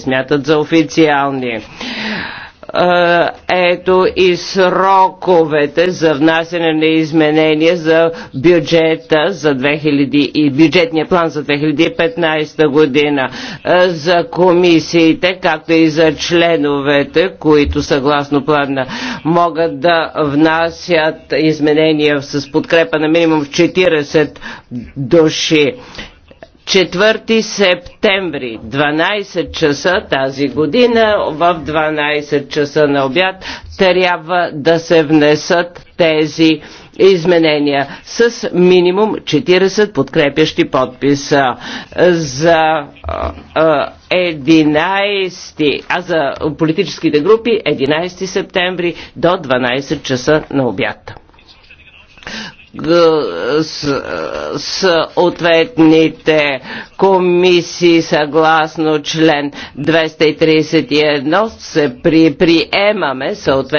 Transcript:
смятат за официални ето и сроковете за внасяне на изменения за бюджета за 2000 и бюджетния план за 2015 година за комисиите, както и за членовете, които съгласно плана могат да внасят изменения с подкрепа на минимум 40 души. 4 септември, 12 часа тази година, в 12 часа на обяд, трябва да се внесат тези изменения с минимум 40 подкрепящи подписа за 11, а за политическите групи 11 септември до 12 часа на обяд съответните комисии съгласно член 231 се приемаме съответно